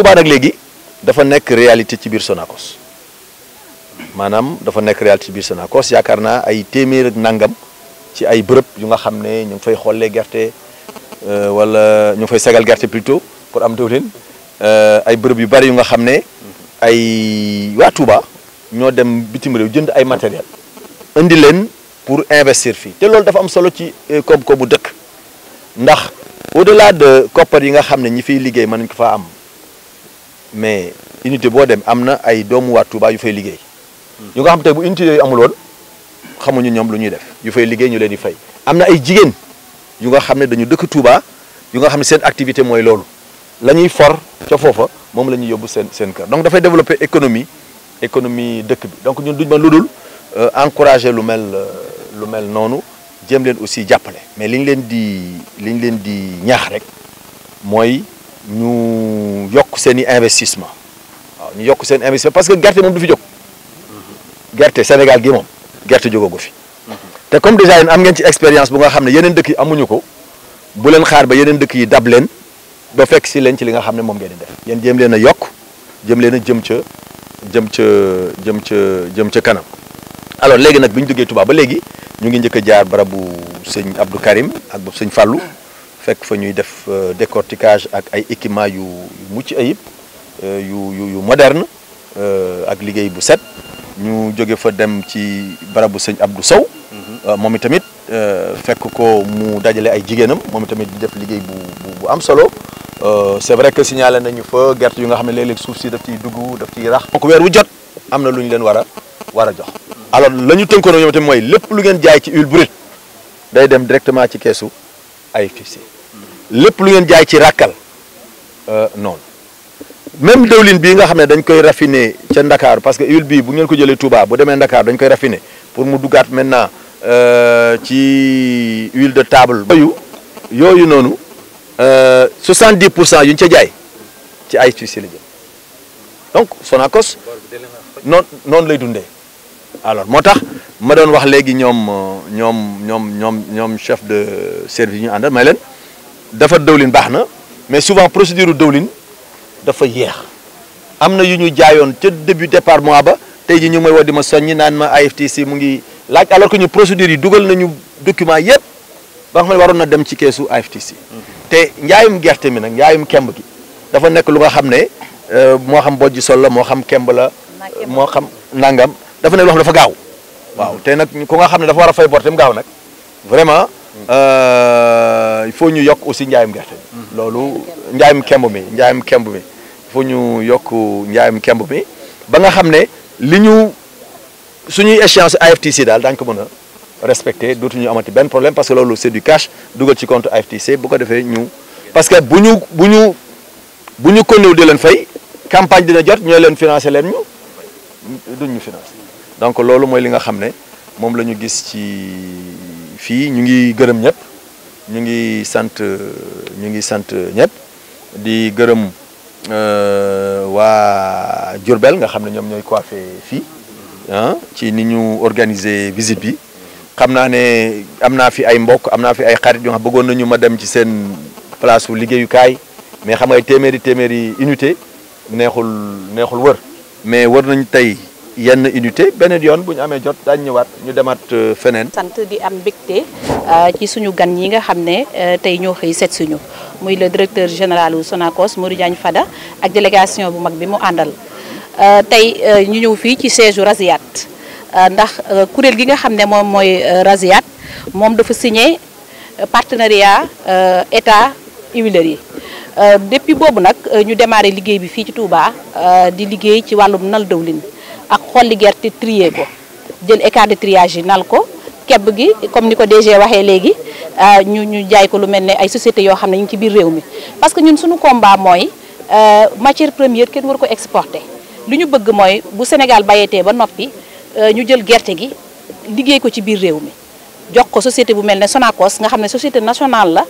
Touba nag léegi dafa nekk réalité ci biir Sonacos maanaam dafa nekk réalité ci biir Sonacos yaakaar naa ay téeméer ak nangam ci ay bërëb yu nga xam ne ñoo ngi fay xollee gerte euh, wala ñoo fay segal gerte plutôt pour am diwlin euh, ay bërëb yu bari yu nga xam ne ay waa Touba ñoo dem bitim réew jënd ay matériel indi leen pour investir fii te loolu dafa am solo ci euh, koom-koomu dëkk ndax au delà de koppar yi nga xam ne ñi fiy liggéey mën nañ ko faa am. mais unité boo dem am na ay doomu waa Touba yu fay liggéey. ñu nga xam tey bu unité yooyu amul woon xamuñu ñoom lu ñuy def yu fay liggéey ñu leen di fay. am na ay jigéen yu nga xam ne dañu dëkk Touba yu nga xam ne seen activité mooy loolu la ñuy for ca foofa moom la ñuy yóbbu seen seen donc dafay développer économie économie dëkk bi donc ñun duñ mën lu dul euh, encourager lu mel euh, lu mel noonu jéem leen aussi jàppale. mais li leen di li ñu leen di ñaax rek mooy. ñu yokk seen i investissement waaw ñu yokk seen investissement parce que gerte moom du fi jóg gerte Sénégal gi moom gerte jógoo ko fi te comme déjà yéen am ngeen ci expérience bu nga xam ne yeneen dëkk yi amuñu ko bu leen xaar ba yeneen dëkk yi dab leen ba fekk si leen ci li nga xam ne moom ngeen di def yéen jéem leen a yokk jëm leen a jëm ca jëm ca jëm ca jëm ca kanam alors léegi nag bi ñu duggee Touba ba léegi ñu ngi njëkk a jaar barabu sëñ Abdou Karim ak bu sëñ Fallou fekk fa ñuy def euh, décorticage ak ay équipement yu mucc ayib euh, yu yu yu moderne euh, ak liggéey bu set ñu jóge fa dem ci barabu sëñ Abdou Sow mhm. moom itamit fekk ko mu dajale ay jigéenam moom tamit di def liggéey bu bu am solo c'est vrai que signalé nañu fa gerte yu nga xam ne léeg-léeg suuf si daf ciy dugg daf ciy rax donc weer wu jot am na lu ñu leen war a war a jox alors la ñu tënkoon ñoom itam mooy lépp lu ngeen jaay ci huile day dem directement ci keesu ay fifsi lépp lu ngeen jaay ci ràkkal euh, noonu même dëwlin bii nga xam ne dañ koy raffiner ca Ndakaaru parce que huile bii bu ngeen ko jëlee Touba bu demee Ndakaaru dañ koy raffiner pour mu duggaat maintenant euh, ci huile de table. yooyu yooyu noonu 70 euh, pour cent yu ñu ca jaay ci ay fifsi la jëm donc Sonacos noonu noonu lay dundee alors moo tax. ma doon wax léegi ñoom euh, ñoom ñoom ñoom ñoom chef de service ñu àndal may leen dafa dëwlin baax na mais souvent procédure dëwlin dafa yéex am na yu ñu jaayoon ca début départ ba tey ji ñu may wax di ma soññi naan ma AFTC mu ngi laaj alors que ñu procédure yi dugal nañu document yëpp ba nga xam ne waroon na dem ci keesu AFTC te njaayum gerte mi nag njaayum kemb gi dafa nekk lu nga xam ne euh, moo xam bojj sol la moo xam kemb la moo xam nangam dafa nekk loo dafa gaaw waaw te nag ku nga xam ne dafa war a fay bor te mu gaaw nag vraiment euh, il faut ñu yokk aussi njaayum gerte mm-hmm. loolu njaayum kemb mi njaayum kemb mi il ñu yokk njaayum kemb mi ba nga xam ne li ñu suñuy échéance AFTC daal daañu ko mën a respecté dootuñu amati benn problème parce que loolu c'est du cash dugal ci compte AFTC bu ko defee ñu parce que bu ñu bu ñu bu ñu konnew di leen fay campagne dina jot ñooy leen financé leen ñu duñ ñu financé donc loolu mooy li nga xam ne moom la ñu gis ci fii ñu ngi gërëm ñëpp ñu ngi sant ñu ngi sant ñëpp di gërëm euh, waa Diourbel nga xam ne ñoom ñooy coiffé fii ah, ci ni ñu organiser visite bi xam naa ne am naa fi ay mbokk am naa fi ay xarit yoo xam bëggoon nañu ma dem ci seen place su liggéeyukaay mais xam nga ay téeméeri téeméeri unité neexul neexul wër mais wër nañu tey yenn unité beneen yoon bu ñu amee jot daañu ñëwaat ñu demaat euh, feneen. sant di am mbégte euh, ci suñu gan yi nga xam ne euh, tey ñoo xëy seet suñu muy le directeur général wu Sonacos Modou Fada ak délégation bu mag bi mu àndal tey ñu ñëw fii ci siège Rasiaat ndax kuréel gi nga xam ne moom mooy Rasiaat moom dafa signé partenariat état huileries yi. depuis boobu nag ñu démarré liggéey bi fii ci Touba di liggéey ci wàllum nal dawlin li gerte trier bo jël écart de triage yi nal ko keb gi comme ni ko DG waxee léegi euh, ñu ñu jaay ko lu mel ni ay société yoo xam ne ñu ci biir réew mi parce que ñun sunu combat mooy euh, matière première kenn war ko exporté lu ñu bëgg mooy bu Sénégal bayeetee ba noppi euh, ñu jël gerte gi liggéey ko ci biir réew mi jox ko société bu mel ne Sonacos nga xam ne société national la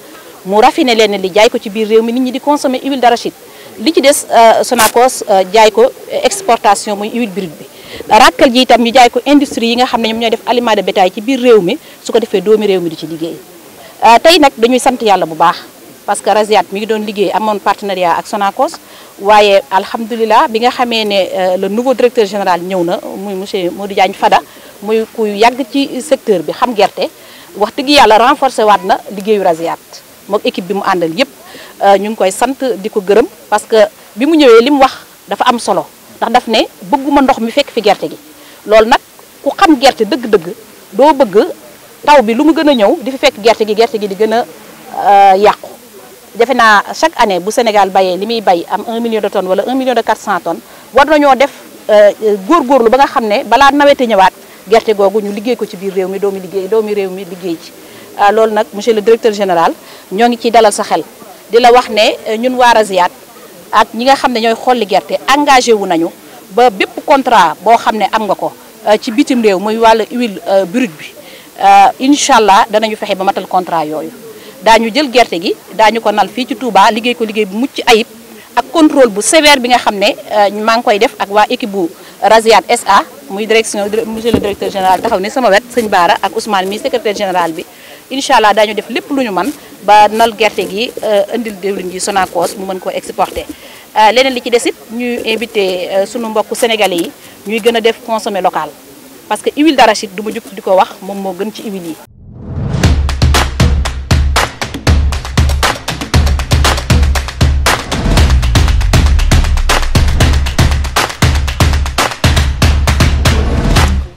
mu raffiné leen li jaay ko ci biir réew mi nit ñi di consommer huile d'arachide li ci des Sonacos jaay ko exportation muy huile brute bi ràkkal ji itam ñu jaay ko industrie yi nga xam ne ñoom ñooy def aliment de bétail ci biir réew mi su ko defee doomi réew mi di ci liggéey euh, tey nag dañuy sant yàlla bu baax parce que Rasiat mi ngi doon liggéey amoon partenariat ak Sonacos waaye alhamdulilah bi nga xamee ne euh, le nouveau directeur général ñëw na muy monsieur Modou Diagne Fada muy ku yàgg ci secteur bi xam gerte wax dëgg yàlla renforcé waat na liggéeyu Rasiat mook équipe bi mu àndal yëpp euh, ñu ngi koy sant di ko gërëm parce que bi mu ñëwee li mu wax dafa am solo ndax daf ne bëgguma ndox mi fekk fi gerte gi loolu nag ku xam gerte dëgg-dëgg doo bëgg taw bi lu mu gën a ñëw di fi fekk gerte gi gerte gi di gën a euh, yàqu defe naa chaque année bu Sénégal bayee li muy bay am 1 million de tonnes wala 1 million de 400 ton war nañoo def euh, góorgóorlu ba nga xam ne balaa nawete ñëwaat gerte googu ñu liggéey ko ci biir réew mi doomi liggéey doomi réew mi liggéey ci euh, loolu nag monsieur le directeur général ñoo ngi ciy dalal sa xel di la wax ne ñun waa Rasiaat ak ñi nga xam ne ñooy xolli gerte engagé wu nañu ba bépp contrat boo xam ne am nga ko euh, ci bitim réew muy wàllu huile euh, brute bi euh, incha allah danañu fexe ba matal contrat yooyu daañu jël gerte gi daañu ko nal fii ci Touba liggéey ko liggéey bu mucc ayib ak contrôle bu sévère bi nga xam ne maa ngi koy def ak waa équipe bu Rasiat SA muy direction monsieur le directeur général taxaw ne sama wet sëñ Baara ak Ousmane mi secrétaire général bi incha allah daañu def lépp lu ñu man ba nal gerte gi euh, indil diwlin gi Sonacos mu mën koo exporter euh, leneen li ci desit ñuy invité euh, sunu mbokk sénégalais yi ñuy gën a def consommer local parce que huile d'arachide du ma jug di ko wax moom moo gën ci huile yi